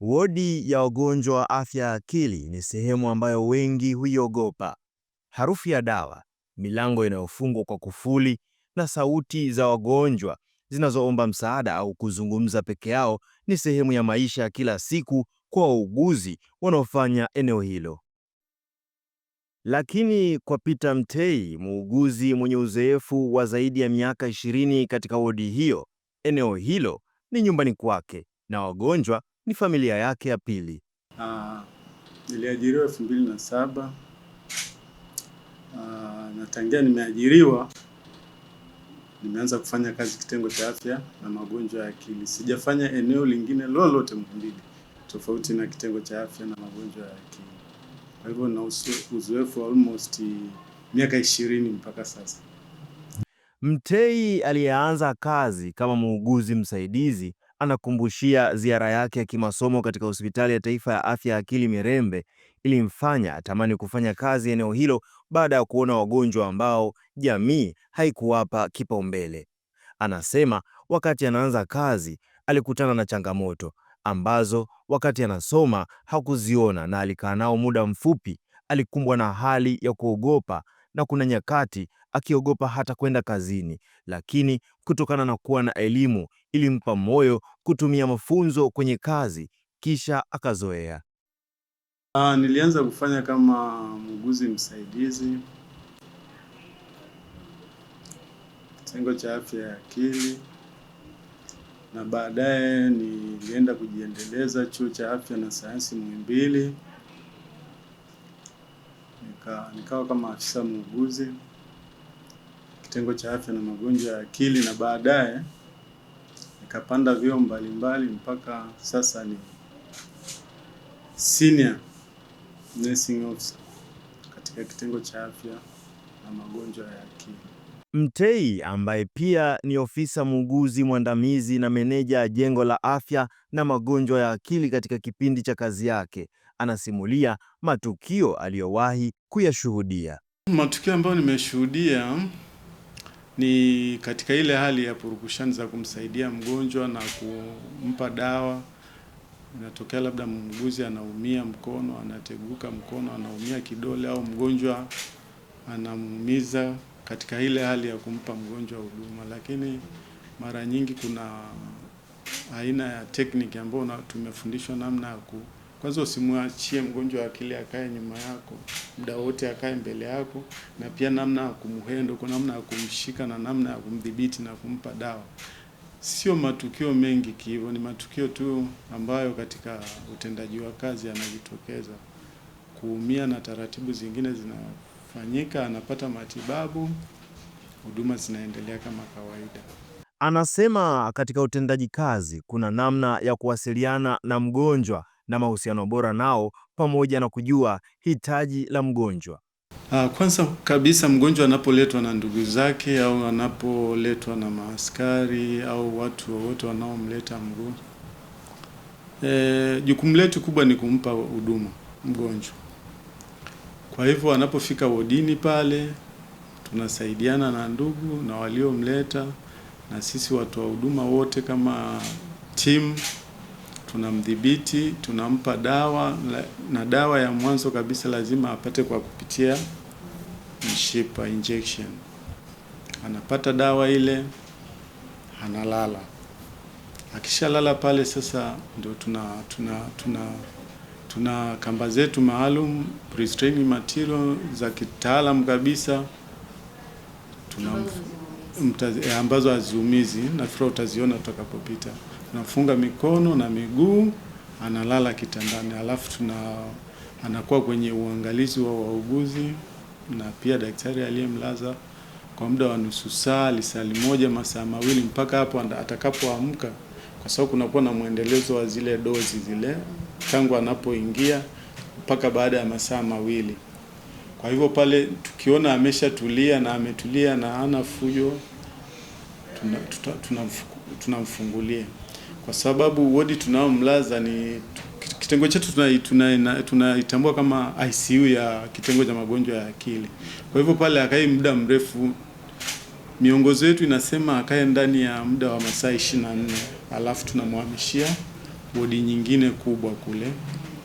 Wodi ya wagonjwa wa afya ya akili ni sehemu ambayo wengi huiogopa. Harufu ya dawa, milango inayofungwa kwa kufuli, na sauti za wagonjwa zinazoomba msaada au kuzungumza peke yao ni sehemu ya maisha ya kila siku kwa wauguzi wanaofanya eneo hilo. Lakini kwa Peter Mtei, muuguzi mwenye uzoefu wa zaidi ya miaka 20 katika wodi hiyo, eneo hilo ni nyumbani kwake na wagonjwa ni familia yake ya pili. Ah, niliajiriwa elfu mbili na saba ah, na tangia nimeajiriwa nimeanza kufanya kazi kitengo cha afya na magonjwa ya akili. Sijafanya eneo lingine lolote Muhimbili tofauti na kitengo cha afya na magonjwa ya akili. Kwa hivyo na uzoefu wa almost miaka ishirini mpaka sasa. Mtei aliyeanza kazi kama muuguzi msaidizi anakumbushia ziara yake ya kimasomo katika Hospitali ya Taifa ya Afya ya Akili Mirembe ilimfanya atamani kufanya kazi eneo hilo baada ya kuona wagonjwa ambao jamii haikuwapa kipaumbele. Anasema wakati anaanza kazi alikutana na changamoto ambazo wakati anasoma hakuziona na alikaa nao muda mfupi. Alikumbwa na hali ya kuogopa na kuna nyakati akiogopa hata kwenda kazini lakini kutokana na kuwa na elimu ilimpa moyo kutumia mafunzo kwenye kazi, kisha akazoea. Aa, ah, nilianza kufanya kama muuguzi msaidizi kitengo cha afya ya akili, na baadaye nilienda kujiendeleza chuo cha afya na sayansi Muhimbili, nikawa nika kama afisa muuguzi kitengo cha afya na magonjwa ya akili, na baadaye nikapanda vyeo mbalimbali mpaka sasa ni senior nursing officer katika kitengo cha afya na magonjwa ya akili. Mtei ambaye pia ni ofisa muuguzi mwandamizi na meneja ya jengo la afya na magonjwa ya akili katika kipindi cha kazi yake anasimulia matukio aliyowahi kuyashuhudia. Matukio ambayo nimeshuhudia ni katika ile hali ya purukushani za kumsaidia mgonjwa na kumpa dawa. Inatokea labda muuguzi anaumia mkono, anateguka mkono, anaumia kidole, au mgonjwa anamuumiza, katika ile hali ya kumpa mgonjwa huduma. Lakini mara nyingi kuna aina ya tekniki ambayo tumefundishwa namna ya kwanza usimwachie mgonjwa wa akili akae nyuma yako, muda wote akae mbele yako, na pia namna ya kumhandle, kwa namna ya kumshika na namna ya kumdhibiti na kumpa dawa. Sio matukio mengi kivyo, ni matukio tu ambayo katika utendaji wa kazi yanajitokeza. Kuumia na taratibu zingine zinafanyika, anapata matibabu, huduma zinaendelea kama kawaida. Anasema katika utendaji kazi kuna namna ya kuwasiliana na mgonjwa na mahusiano bora nao pamoja na kujua hitaji la mgonjwa. Ah, kwanza kabisa mgonjwa anapoletwa na ndugu zake au anapoletwa na maaskari au watu wowote wanaomleta mgonjwa, e, jukumu letu kubwa ni kumpa huduma mgonjwa. Kwa hivyo anapofika wodini pale, tunasaidiana na ndugu na waliomleta na sisi watu wa huduma wote kama timu tunamdhibiti, tunampa dawa, na dawa ya mwanzo kabisa lazima apate kwa kupitia mshipa injection. Anapata dawa ile, analala. Akishalala pale sasa ndio tuna tuna tuna tuna kamba zetu maalum pre-strained material za kitaalam kabisa tuna ambazo haziumizi. Eh, Nafikiri utaziona tutakapopita tunafunga mikono na miguu, analala kitandani, alafu tuna anakuwa kwenye uangalizi wa wauguzi na pia daktari aliyemlaza kwa muda wa nusu saa, lisali moja, masaa mawili, mpaka hapo atakapoamka, kwa sababu kunakuwa na mwendelezo wa zile dozi zile tangu anapoingia mpaka baada ya masaa mawili. Kwa hivyo pale tukiona ameshatulia na ametulia na ana fujo, tunamfungulia tuna, tuna, tuna kwa sababu wodi tunaomlaza ni kitengo chetu tunaitambua tuna, tuna kama ICU ya kitengo cha magonjwa ya akili. Kwa hivyo pale akai muda mrefu, miongozo yetu inasema akae ndani ya muda wa masaa 24 alafu tunamhamishia wodi nyingine kubwa kule,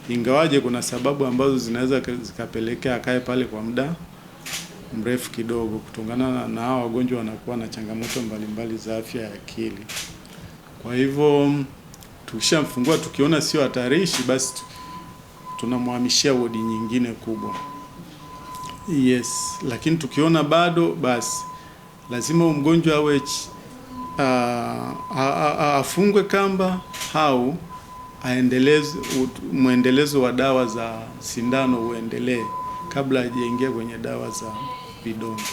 ingawaje kuna sababu ambazo zinaweza zikapelekea akae pale kwa muda mrefu kidogo, kutokana na hao wagonjwa wanakuwa na changamoto mbalimbali mbali za afya ya akili. Kwa hivyo tukishamfungua tukiona sio hatarishi, basi tunamhamishia wodi nyingine kubwa. Yes, lakini tukiona bado, basi lazima mgonjwa awe afungwe kamba au aendeleze mwendelezo wa dawa za sindano uendelee kabla hajaingia kwenye dawa za vidonge.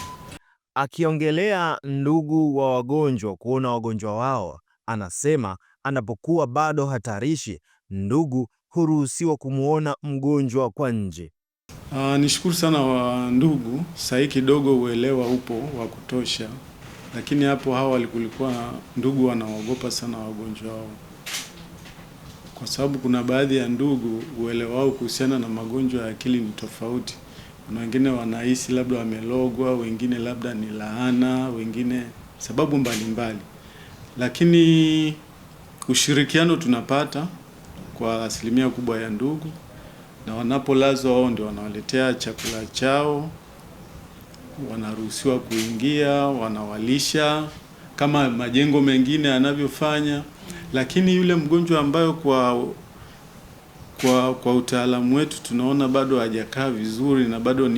Akiongelea ndugu wa wagonjwa kuona wagonjwa wao anasema anapokuwa bado hatarishi, ndugu huruhusiwa kumwona mgonjwa kwa nje. Uh, nishukuru sana wa ndugu, saa hii kidogo uelewa upo wa kutosha, lakini hapo hawa kulikuwa ndugu wanaogopa sana wagonjwa wao, kwa sababu kuna baadhi ya ndugu uelewa wao kuhusiana na magonjwa ya akili ni tofauti. Kuna wengine wanahisi labda wamelogwa, wengine labda ni laana, wengine sababu mbalimbali mbali lakini ushirikiano tunapata kwa asilimia kubwa ya ndugu, na wanapolazwa wao ndio wanawaletea chakula chao, wanaruhusiwa kuingia, wanawalisha kama majengo mengine yanavyofanya. Lakini yule mgonjwa ambayo kwa kwa, kwa utaalamu wetu tunaona bado hajakaa vizuri na bado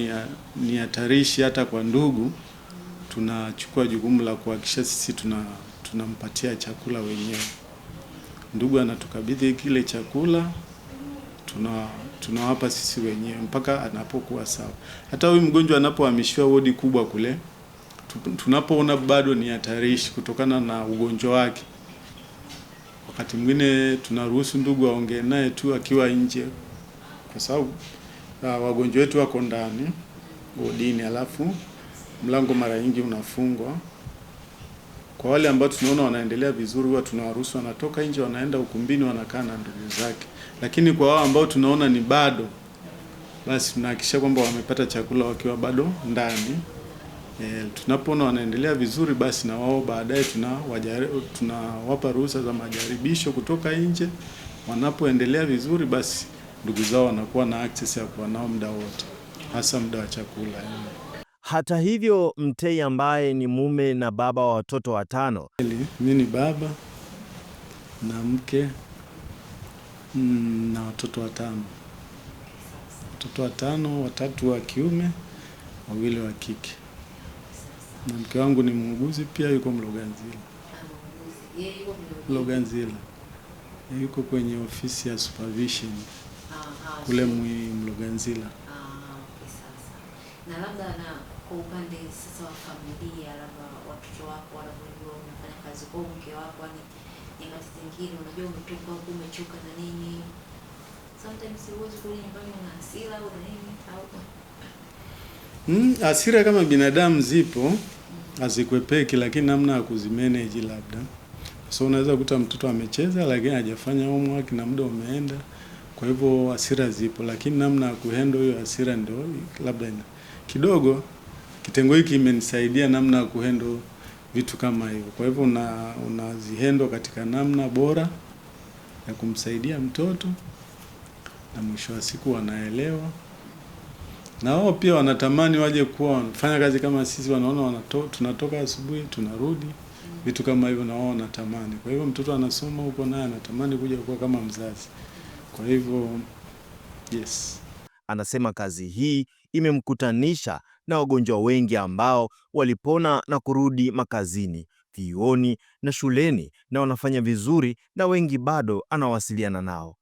ni hatarishi hata kwa ndugu, tunachukua jukumu la kuhakikisha sisi tuna tunampatia chakula wenyewe. Ndugu anatukabidhi kile chakula tuna tunawapa sisi wenyewe mpaka anapokuwa sawa. Hata huyu mgonjwa anapohamishiwa wodi kubwa kule, tunapoona bado ni hatarishi kutokana na ugonjwa wake, wakati mwingine tunaruhusu ndugu aongee naye tu akiwa nje, kwa sababu ah, wagonjwa wetu wako ndani wodini, alafu mlango mara nyingi unafungwa. Kwa wale ambao tunaona wanaendelea vizuri, huwa tunawaruhusu wanatoka nje, wanaenda ukumbini, wanakaa na ndugu zake. Lakini kwa wao ambao tunaona ni bado, basi tunahakikisha kwamba wamepata chakula wakiwa bado ndani. E, tunapoona wanaendelea vizuri, basi na wao baadaye tunawapa ruhusa za majaribisho kutoka nje. Wanapoendelea vizuri, basi ndugu zao wanakuwa na access ya kuwa nao muda wote, hasa muda wa chakula. Hata hivyo, Mtei ambaye ni mume na baba wa watoto watano. Mimi ni baba na mke mm, na watoto watano, watoto watano, watatu wa kiume, wawili wa kike, na mke wangu ni muuguzi pia, yuko Mloganzila. Mloganzila yuko kwenye ofisi ya supervision kule Mloganzila. Ah, kwa upande sasa wa familia, labda watoto wako wanavyojua unafanya kazi kwa mke wako, yani nyakati zingine unajua umetoka huko umechoka na nini, sometimes huwezi kurudi nyumbani una hasira au na nini au Mm, hasira kama binadamu zipo mm. hazikwepeki, lakini namna ya kuzimanage labda. So unaweza kuta mtoto amecheza lakini hajafanya homework na muda umeenda, kwa hivyo hasira zipo, lakini namna ya kuhandle hiyo hasira ndio labda ina kidogo Kitengo hiki kimenisaidia namna ya kuhendo vitu kama hivyo. Kwa hivyo una unazihendo katika namna bora ya kumsaidia mtoto, na mwisho wa siku wanaelewa, na wao pia wanatamani waje kuwa wanafanya kazi kama sisi, wanaona wanato, tunatoka asubuhi tunarudi, vitu kama hivyo, na wao wanatamani. Kwa hivyo mtoto anasoma huko naye anatamani kuja kuwa kama mzazi. Kwa hivyo yes, anasema kazi hii imemkutanisha na wagonjwa wengi ambao walipona na kurudi makazini, vyuoni na shuleni na wanafanya vizuri na wengi bado anawasiliana nao.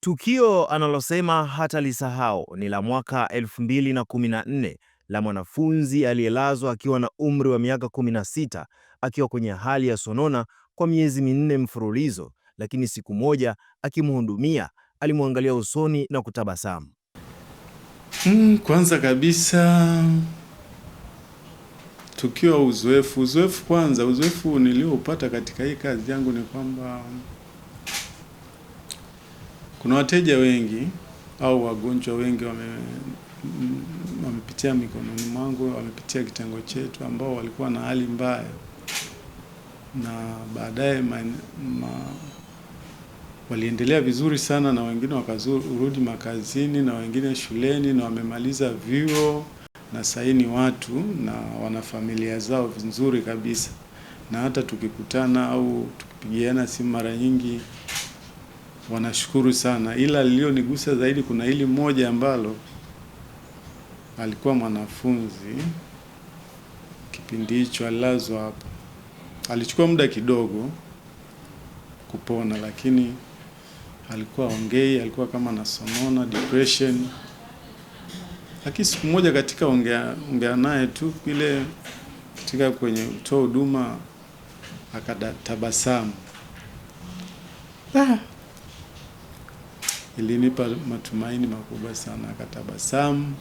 Tukio analosema hatalisahau ni la mwaka 2014 la mwanafunzi aliyelazwa akiwa na umri wa miaka 16 akiwa kwenye hali ya sonona kwa miezi minne mfululizo, lakini siku moja akimhudumia alimwangalia usoni na kutabasamu. Hmm, kwanza kabisa tukiwa uzoefu, uzoefu kwanza, uzoefu nilioupata katika hii kazi yangu ni kwamba kuna wateja wengi au wagonjwa wengi wame wamepitia mikononi mwangu, wamepitia kitengo chetu, ambao walikuwa na hali mbaya na baadaye ma waliendelea vizuri sana, na wengine wakarudi makazini na wengine shuleni na wamemaliza vyuo na saini watu na wana familia zao vizuri kabisa, na hata tukikutana au tukipigiana simu mara nyingi wanashukuru sana, ila lilionigusa zaidi kuna hili moja ambalo alikuwa mwanafunzi kipindi hicho, alilazwa hapo, alichukua muda kidogo kupona, lakini alikuwa ongei, alikuwa kama anasonona, depression. Lakini siku moja katika ongea ongea naye tu ile katika kwenye kutoa huduma akatabasamu. Ah, ilinipa matumaini makubwa sana, akatabasamu.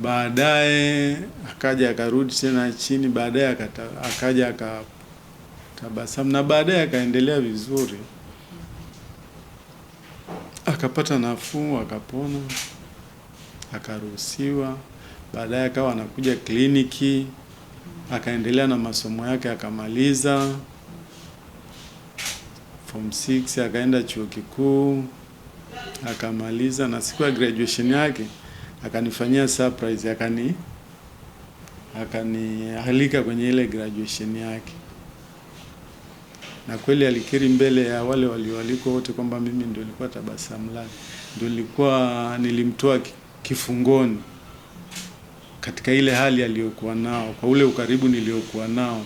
Baadaye akaja akarudi tena chini, baadaye akaja akatabasamu, na baadaye akaendelea vizuri akapata nafuu, akapona, akaruhusiwa. Baadaye akawa anakuja kliniki, akaendelea na masomo yake, akamaliza form 6 akaenda chuo kikuu akamaliza, na siku ya graduation yake akanifanyia surprise, akani akanialika kwenye ile graduation yake na kweli alikiri mbele ya wale walioalikwa wote kwamba mimi ndio nilikuwa tabasamu lake, ndio nilikuwa nilimtoa kifungoni katika ile hali aliyokuwa nao, kwa ule ukaribu niliokuwa nao.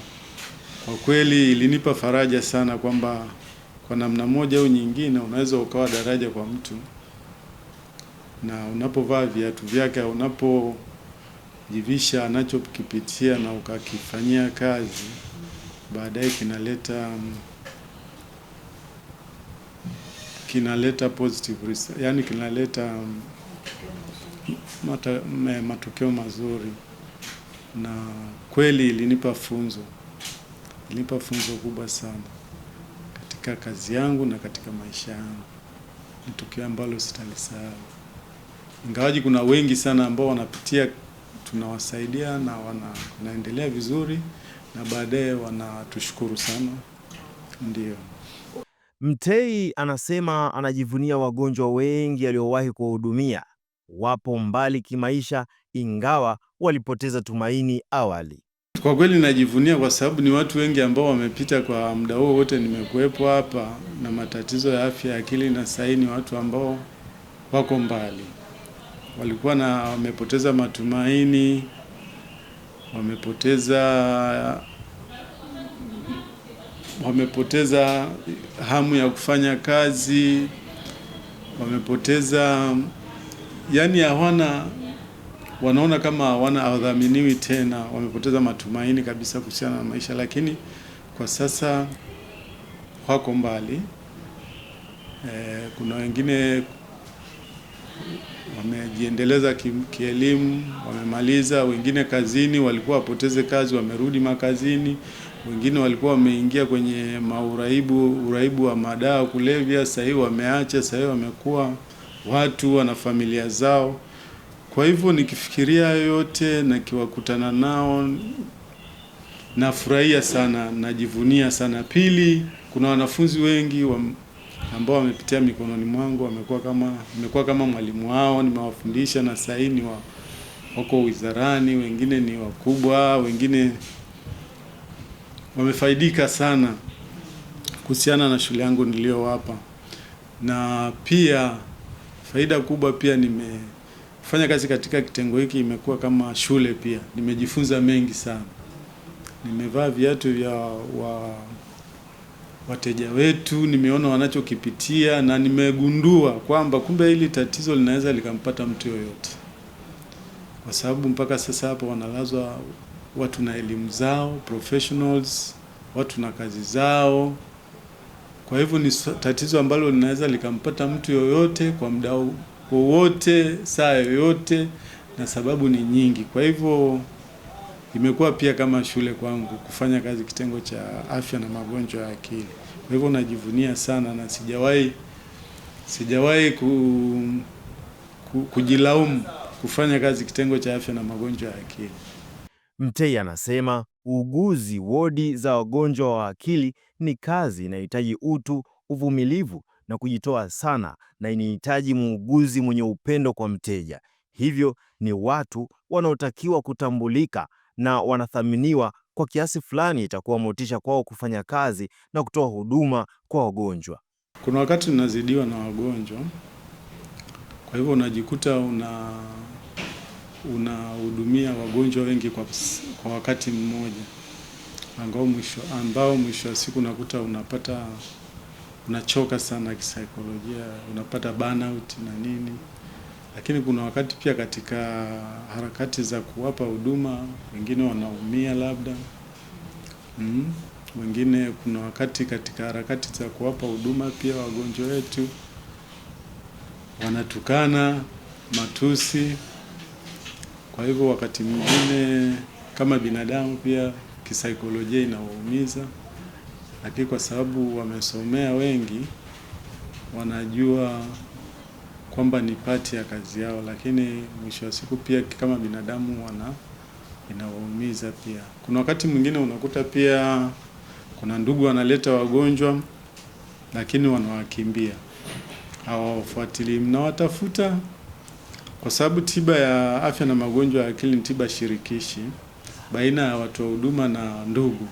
Kwa kweli ilinipa faraja sana kwamba kwa namna moja au nyingine unaweza ukawa daraja kwa mtu, na unapovaa viatu vyake, unapojivisha anachokipitia na ukakifanyia kazi, baadaye kinaleta kinaleta positive result, yani kinaleta um, matokeo mazuri, na kweli ilinipa funzo, ilinipa funzo kubwa sana katika kazi yangu na katika maisha yangu. Ni tukio ambalo sitalisahau, ingawaji kuna wengi sana ambao wanapitia, tunawasaidia na wana, wanaendelea vizuri na baadaye wanatushukuru sana, ndio. Mtei anasema anajivunia wagonjwa wengi aliowahi kuwahudumia, wapo mbali kimaisha, ingawa walipoteza tumaini awali. Kwa kweli najivunia kwa sababu ni watu wengi ambao wamepita kwa muda huo wote nimekuwepo hapa na matatizo ya afya ya akili, na saini ni watu ambao wako mbali, walikuwa na wamepoteza matumaini, wamepoteza wamepoteza hamu ya kufanya kazi, wamepoteza yani, hawana wanaona kama hawana awadhaminiwi tena, wamepoteza matumaini kabisa kuhusiana na maisha, lakini kwa sasa wako mbali. E, kuna wengine wamejiendeleza kielimu, wamemaliza, wengine kazini, walikuwa wapoteze kazi, wamerudi makazini. Wengine walikuwa wameingia kwenye mauraibu, uraibu wa madawa kulevya, sasa hivi wameacha, sasa hivi wamekuwa watu wana familia zao. Kwa hivyo nikifikiria yote na kiwakutana nao nafurahia sana, najivunia sana. Pili, kuna wanafunzi wengi wa, ambao wamepitia mikononi mwangu, wamekuwa kama nimekuwa kama mwalimu wao, nimewafundisha na sasa hivi ni wa, wako wizarani, wengine ni wakubwa, wengine wamefaidika sana kuhusiana na shule yangu niliyowapa, na pia faida kubwa pia nimefanya kazi katika kitengo hiki, imekuwa kama shule pia, nimejifunza mengi sana. Nimevaa viatu vya wa, wateja wetu, nimeona wanachokipitia na nimegundua kwamba kumbe hili tatizo linaweza likampata mtu yoyote, kwa sababu mpaka sasa hapa wanalazwa watu na elimu zao, professionals, watu na kazi zao. Kwa hivyo ni tatizo ambalo linaweza likampata mtu yoyote kwa muda wowote, saa yoyote, na sababu ni nyingi. Kwa hivyo imekuwa pia kama shule kwangu kufanya kazi kitengo cha afya na magonjwa ya akili. Kwa hivyo najivunia sana na sijawahi sijawahi ku, ku, kujilaumu kufanya kazi kitengo cha afya na magonjwa ya akili. Mtei anasema uuguzi wodi za wagonjwa wa akili ni kazi inayohitaji utu, uvumilivu na kujitoa sana, na inahitaji muuguzi mwenye upendo kwa mteja. Hivyo ni watu wanaotakiwa kutambulika na wanathaminiwa. Kwa kiasi fulani, itakuwa motisha kwao kufanya kazi na kutoa huduma kwa wagonjwa. Kuna wakati unazidiwa na wagonjwa, kwa hivyo unajikuta una unahudumia wagonjwa wengi kwa, kwa wakati mmoja ambao mwisho, ambao mwisho wa siku unakuta unapata unachoka sana kisaikolojia, unapata burnout na nini. Lakini kuna wakati pia katika harakati za kuwapa huduma wengine wanaumia labda mm. Wengine kuna wakati katika harakati za kuwapa huduma pia wagonjwa wetu wanatukana matusi kwa hivyo wakati mwingine kama binadamu pia kisaikolojia inawaumiza, lakini kwa sababu wamesomea wengi, wanajua kwamba ni pati ya kazi yao, lakini mwisho wa siku pia kama binadamu wana inawaumiza pia. Kuna wakati mwingine unakuta pia kuna ndugu wanaleta wagonjwa, lakini wanawakimbia, hawafuatilii, mnawatafuta kwa sababu tiba ya afya na magonjwa ya akili ni tiba shirikishi baina ya watu wa huduma na ndugu.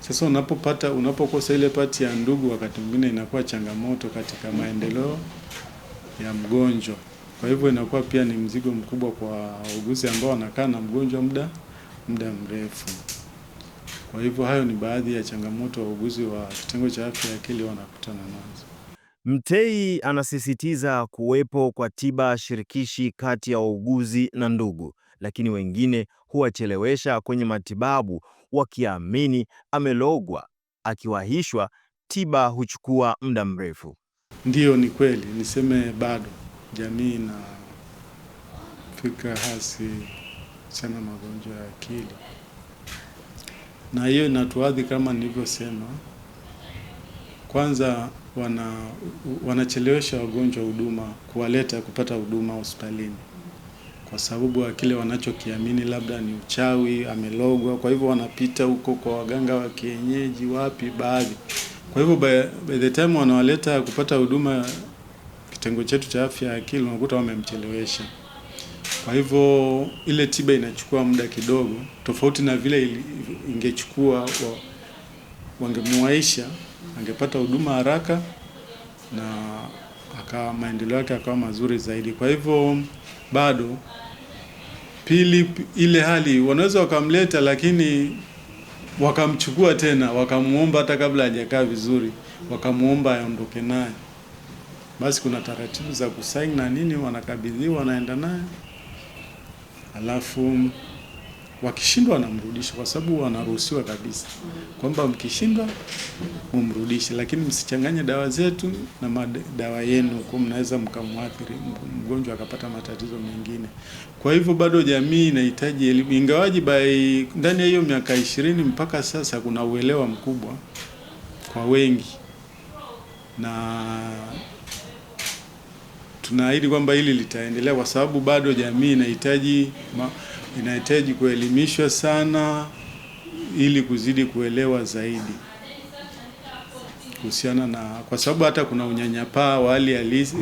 Sasa unapopata unapokosa ile pati ya ndugu, wakati mwingine inakuwa changamoto katika maendeleo ya mgonjwa. Kwa hivyo inakuwa pia ni mzigo mkubwa kwa wauguzi ambao wanakaa na mgonjwa muda muda mrefu. Kwa hivyo hayo ni baadhi ya changamoto wauguzi wa kitengo cha afya ya akili wanakutana nazo. Mtei anasisitiza kuwepo kwa tiba shirikishi kati ya wauguzi na ndugu, lakini wengine huwachelewesha kwenye matibabu wakiamini amelogwa. Akiwahishwa, tiba huchukua muda mrefu. Ndiyo, ni kweli, niseme bado jamii ina fikra hasi sana magonjwa ya akili, na hiyo inatuadhi kama nilivyosema kwanza wana wanachelewesha wagonjwa huduma, kuwaleta kupata huduma hospitalini kwa sababu ya kile wanachokiamini labda ni uchawi, amelogwa. Kwa hivyo wanapita huko kwa waganga wa kienyeji, wapi baadhi. Kwa hivyo by the time wanawaleta kupata huduma kitengo chetu cha afya ya akili, unakuta wamemchelewesha. Kwa hivyo ile tiba inachukua muda kidogo, tofauti na vile ingechukua wangemwaisha angepata huduma haraka na aka maendeleo yake akawa mazuri zaidi. Kwa hivyo bado pili, ile hali wanaweza wakamleta, lakini wakamchukua tena, wakamuomba hata kabla hajakaa vizuri, wakamuomba aondoke naye. Basi kuna taratibu za kusaini na nini, wanakabidhiwa, wanaenda naye alafu wakishindwa wanamrudisha, kwa sababu wanaruhusiwa kabisa kwamba mkishindwa mumrudishe, lakini msichanganye dawa zetu na madawa yenu, kwa mnaweza mkamwathiri mgonjwa akapata matatizo mengine. Kwa hivyo bado jamii inahitaji elimu, ingawaji by ndani ya hiyo miaka ishirini mpaka sasa kuna uelewa mkubwa kwa wengi na tunaahidi kwamba hili litaendelea kwa sababu bado jamii inahitaji inahitaji kuelimishwa sana ili kuzidi kuelewa zaidi kuhusiana na, kwa sababu hata kuna unyanyapaa wa hali halisi,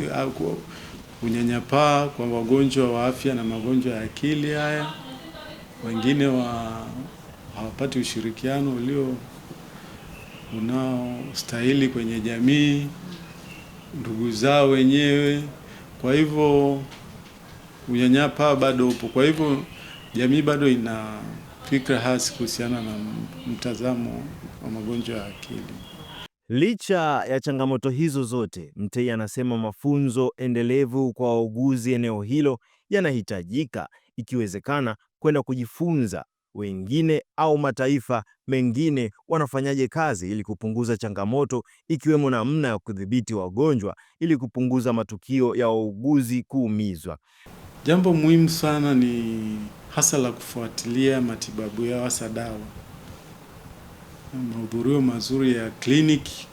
unyanyapaa kwa wagonjwa wa afya na magonjwa ya akili haya, wengine wa hawapati ushirikiano ulio unaostahili kwenye jamii, ndugu zao wenyewe. Kwa hivyo unyanyapaa bado upo, kwa hivyo jamii bado ina fikra hasi kuhusiana na mtazamo wa magonjwa ya akili. Licha ya changamoto hizo zote, Mtei anasema mafunzo endelevu kwa wauguzi eneo hilo yanahitajika, ikiwezekana kwenda kujifunza wengine au mataifa mengine wanafanyaje kazi ili kupunguza changamoto, ikiwemo namna ya kudhibiti wagonjwa ili kupunguza matukio ya wauguzi kuumizwa. Jambo muhimu sana ni hasa la kufuatilia matibabu yao hasa dawa, mahudhurio mazuri ya kliniki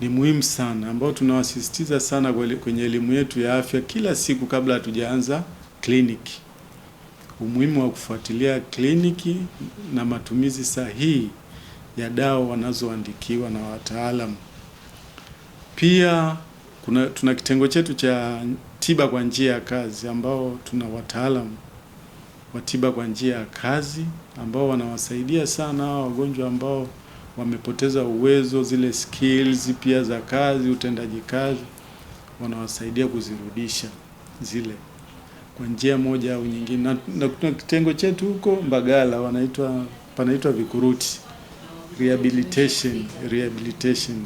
ni muhimu sana, ambao tunawasisitiza sana kwenye elimu yetu ya afya kila siku kabla hatujaanza kliniki, umuhimu wa kufuatilia kliniki na matumizi sahihi ya dawa wanazoandikiwa na wataalamu. Pia kuna, tuna kitengo chetu cha tiba kwa njia ya kazi ambao tuna wataalamu wa tiba kwa njia ya kazi ambao wanawasaidia sana hawa wagonjwa ambao wamepoteza uwezo, zile skills pia za kazi, utendaji kazi, wanawasaidia kuzirudisha zile kwa njia moja au nyingine. Na, na, na kitengo chetu huko Mbagala wanaitwa panaitwa vikuruti rehabilitation, rehabilitation.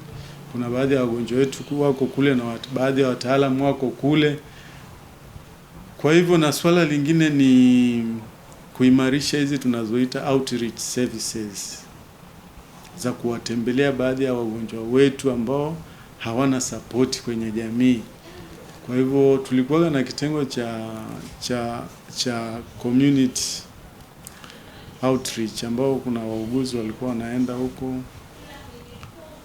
Kuna baadhi ya wagonjwa wetu wako kule na baadhi ya wataalamu wako kule. Kwa hivyo na swala lingine ni kuimarisha hizi tunazoita outreach services za kuwatembelea baadhi ya wagonjwa wetu ambao hawana sapoti kwenye jamii. Kwa hivyo tulikuwa na kitengo cha cha cha community outreach ambao kuna wauguzi walikuwa wanaenda huko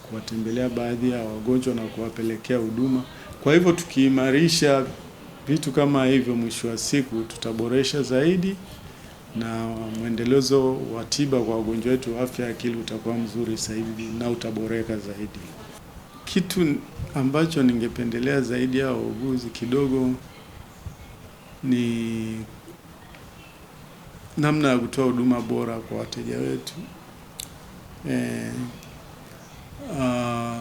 kuwatembelea baadhi ya wagonjwa na kuwapelekea huduma. Kwa hivyo tukiimarisha Vitu kama hivyo, mwisho wa siku tutaboresha zaidi na mwendelezo wa tiba kwa wagonjwa wetu afya ya akili utakuwa mzuri zaidi na utaboreka zaidi. Kitu ambacho ningependelea zaidi ya wauguzi kidogo ni namna ya kutoa huduma bora kwa wateja wetu. E, a,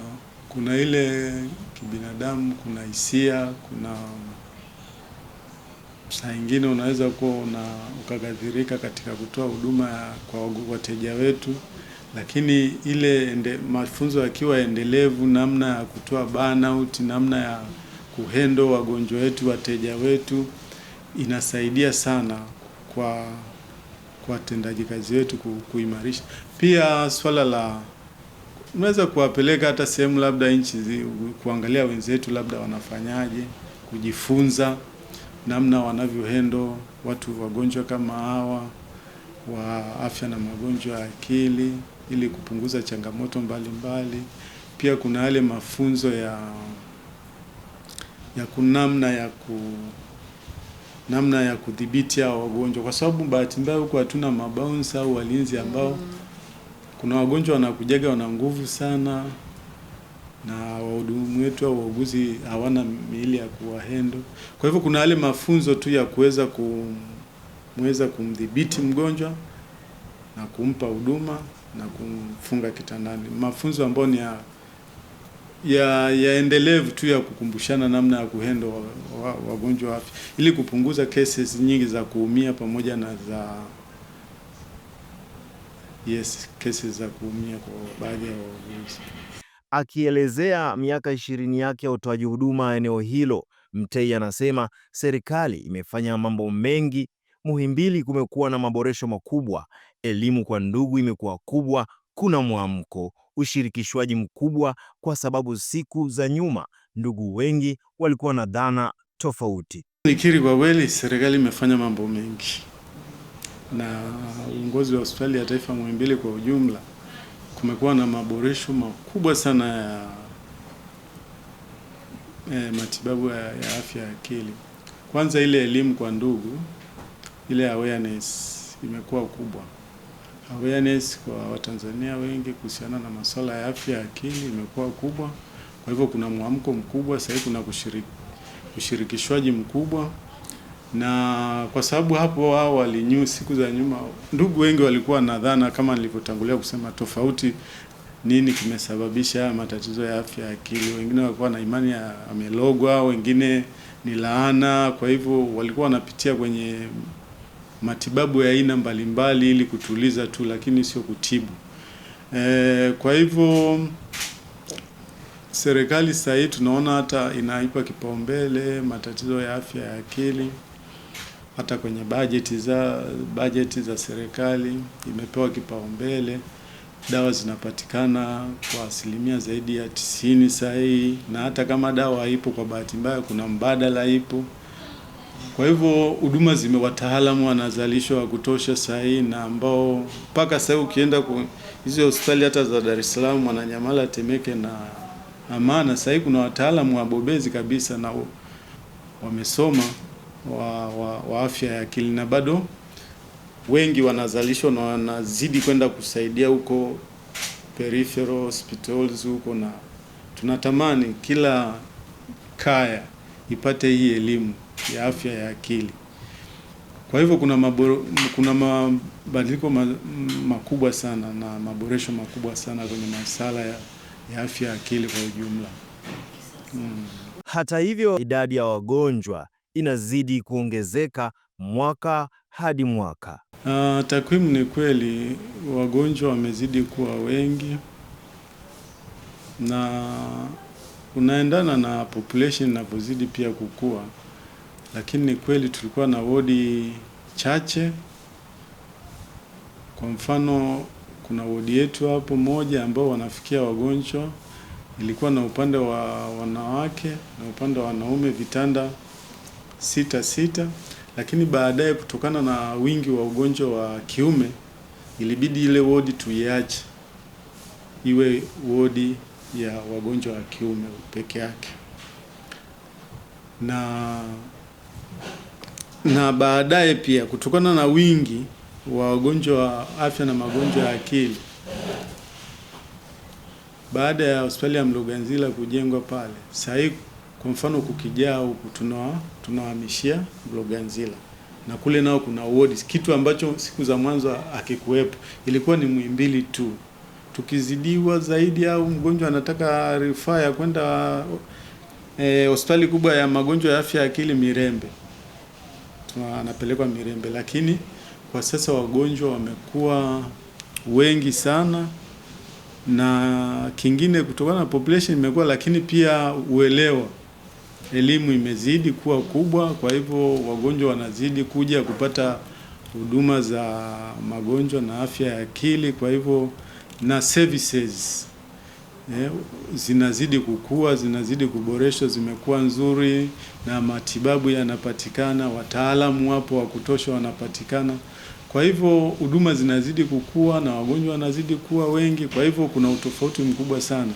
kuna ile kibinadamu, kuna hisia, kuna saa ingine unaweza kuwa una ukagadhirika katika kutoa huduma kwa wateja wetu, lakini ile ende, mafunzo yakiwa endelevu, namna ya kutoa burnout, namna ya kuhendo wagonjwa wetu, wateja wetu, inasaidia sana kwa kwa watendaji kazi wetu kuimarisha. Pia swala la unaweza kuwapeleka hata sehemu labda nchi kuangalia wenzetu labda wanafanyaje, kujifunza namna wanavyohendo watu wagonjwa kama hawa wa afya na magonjwa ya akili ili kupunguza changamoto mbalimbali mbali. Pia kuna yale mafunzo ya ya kunamna ya ku namna ya kudhibiti hao wagonjwa, kwa sababu bahati mbaya huko hatuna mabaunsa au walinzi ambao, mm. kuna wagonjwa wanakujaga wana nguvu sana na wahudumu wetu au wauguzi hawana miili ya kuwahendo. Kwa hivyo kuna yale mafunzo tu ya kuweza kumweza kumdhibiti mgonjwa na kumpa huduma na kumfunga kitandani, mafunzo ambayo ni ya ya yaendelevu tu ya kukumbushana namna ya kuhendo wagonjwa wa, wa afya ili kupunguza cases nyingi za kuumia pamoja na za yes cases za kuumia kwa baadhi ya wauguzi. Akielezea miaka ishirini yake ya utoaji huduma eneo hilo, Mtei anasema serikali imefanya mambo mengi. Muhimbili kumekuwa na maboresho makubwa, elimu kwa ndugu imekuwa kubwa, kuna mwamko, ushirikishwaji mkubwa, kwa sababu siku za nyuma ndugu wengi walikuwa na dhana tofauti. Nikiri kwa kweli, serikali imefanya mambo mengi na uongozi wa hospitali ya taifa Muhimbili kwa ujumla tumekuwa na maboresho makubwa sana ya e, matibabu ya, ya afya ya akili. Kwanza ile elimu kwa ndugu, ile awareness imekuwa kubwa. Awareness kwa Watanzania wengi kuhusiana na masuala ya afya ya akili imekuwa kubwa. Kwa hivyo kuna mwamko mkubwa sasa hivi, kuna kushirik, kushirikishwaji mkubwa na kwa sababu hapo wao nyu siku za nyuma, ndugu wengi walikuwa na dhana kama nilivyotangulia kusema tofauti, nini kimesababisha haya matatizo ya afya ya akili. Wengine walikuwa na imani ya amelogwa, wengine ni laana. Kwa hivyo walikuwa wanapitia kwenye matibabu ya aina mbalimbali ili kutuliza tu, lakini sio kutibu. E, kwa hivyo serikali sasa hii tunaona hata inaipa kipaumbele matatizo ya afya ya akili hata kwenye bajeti za bajeti za serikali imepewa kipaumbele. Dawa zinapatikana kwa asilimia zaidi ya tisini sahihi, na hata kama dawa haipo kwa bahati mbaya, kuna mbadala ipo. Kwa hivyo huduma zime, wataalamu wanazalishwa wa kutosha sahihi, na ambao mpaka sasa ukienda hizo hospitali hata za Dar es Salaam, Mwananyamala, Temeke na Amana, sahihi kuna wataalamu wabobezi kabisa na wamesoma wa, wa, wa afya ya akili na bado wengi wanazalishwa na wanazidi kwenda kusaidia huko peripheral hospitals huko, na tunatamani kila kaya ipate hii elimu ya afya ya akili. Kwa hivyo kuna maboro, kuna mabadiliko ma, makubwa sana na maboresho makubwa sana kwenye masala ya, ya afya ya akili kwa ujumla Hmm. Hata hivyo idadi ya wagonjwa inazidi kuongezeka mwaka hadi mwaka. Uh, takwimu ni kweli wagonjwa wamezidi kuwa wengi na unaendana na population inavyozidi pia kukua, lakini ni kweli tulikuwa na wodi chache. Kwa mfano, kuna wodi yetu hapo moja ambao wanafikia wagonjwa, ilikuwa na upande wa wanawake na upande wa wanaume vitanda sita sita, lakini baadaye kutokana na wingi wa ugonjwa wa kiume ilibidi ile wodi tuiache iwe wodi ya wagonjwa wa kiume peke yake na na baadaye pia kutokana na wingi wa wagonjwa wa afya na magonjwa ya akili, baada ya hospitali ya Mloganzila kujengwa pale sahii kwa mfano kukijaa huku tunawahamishia Mloganzila na kule nao kuna wards, kitu ambacho siku za mwanzo akikuwepo ilikuwa ni Muhimbili tu. Tukizidiwa zaidi au mgonjwa anataka rufaa ya kwenda eh, hospitali e, kubwa ya magonjwa ya afya ya akili Mirembe, anapelekwa Mirembe. Lakini kwa sasa wagonjwa wamekuwa wengi sana, na kingine kutokana na population imekuwa, lakini pia uelewa elimu imezidi kuwa kubwa, kwa hivyo wagonjwa wanazidi kuja kupata huduma za magonjwa na afya ya akili, kwa hivyo na services eh, zinazidi kukua, zinazidi kuboreshwa, zimekuwa nzuri na matibabu yanapatikana, wataalamu wapo wa kutosha wanapatikana. Kwa hivyo huduma zinazidi kukua na wagonjwa wanazidi kuwa wengi, kwa hivyo kuna utofauti mkubwa sana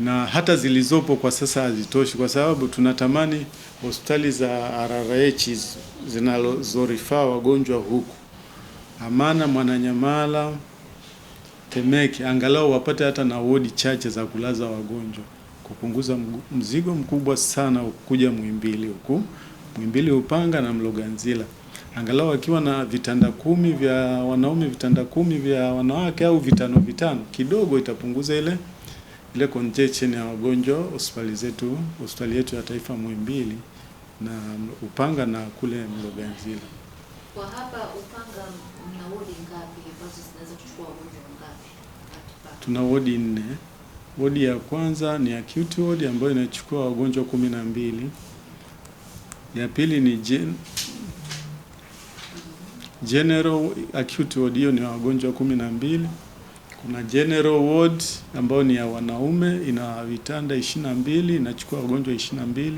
na hata zilizopo kwa sasa hazitoshi, kwa sababu tunatamani hospitali za RRH zinazorifaa wagonjwa huku Amana, Mwananyamala, Temeke angalau wapate hata na wodi chache za kulaza wagonjwa, kupunguza mzigo mkubwa sana kuja Muhimbili huku Mwimbili Upanga na Mloganzila, angalau wakiwa na vitanda kumi vya wanaume, vitanda kumi vya wanawake, au vitano vitano, kidogo itapunguza ile ile chini ya wagonjwa hospitali zetu, hospitali yetu ya taifa Muhimbili na Upanga na kule Mloganzila. Kwa hapa Upanga mna wodi ngapi ambazo zinaweza kuchukua wagonjwa ngapi? Tuna wodi nne. Wodi ya kwanza ni acute ward ambayo inachukua wagonjwa kumi na mbili. Ya pili ni gen general acute ward, hiyo ni wagonjwa kumi na mbili. Kuna general ward ambayo ni ya wanaume ina vitanda 22 inachukua wagonjwa 22.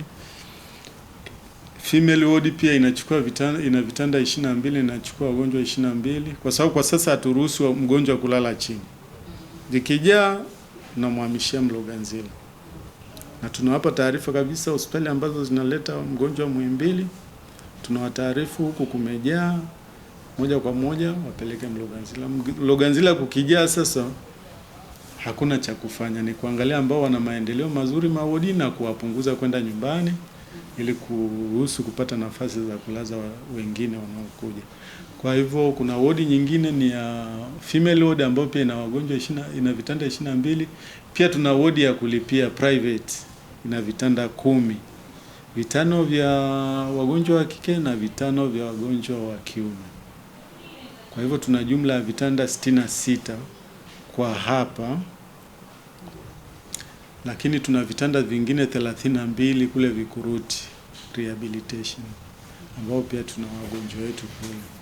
Female ward pia inachukua vitanda, ina vitanda 22 inachukua wagonjwa 22, kwa sababu kwa sasa haturuhusu mgonjwa kulala chini. Zikijaa tunamhamishia Mloganzila, na tunawapa taarifa kabisa hospitali ambazo zinaleta mgonjwa Muhimbili, tunawataarifu huku kumejaa moja kwa moja wapeleke Mloganzila. Mloganzila kukijaa sasa hakuna cha kufanya, ni kuangalia ambao wana maendeleo mazuri mawodi na kuwapunguza kwenda nyumbani ili kuruhusu kupata nafasi za kulaza wengine wanaokuja. Kwa hivyo kuna wodi nyingine ni ya female ward ambayo pia ina wagonjwa ishina, ina vitanda ishirini na mbili. Pia tuna wodi ya kulipia private ina vitanda kumi, vitano vya wagonjwa wa kike na vitano vya wagonjwa wa kiume. Kwa hivyo tuna jumla ya vitanda 66 kwa hapa, lakini tuna vitanda vingine 32 kule Vikuruti rehabilitation, ambao pia tuna wagonjwa wetu kule.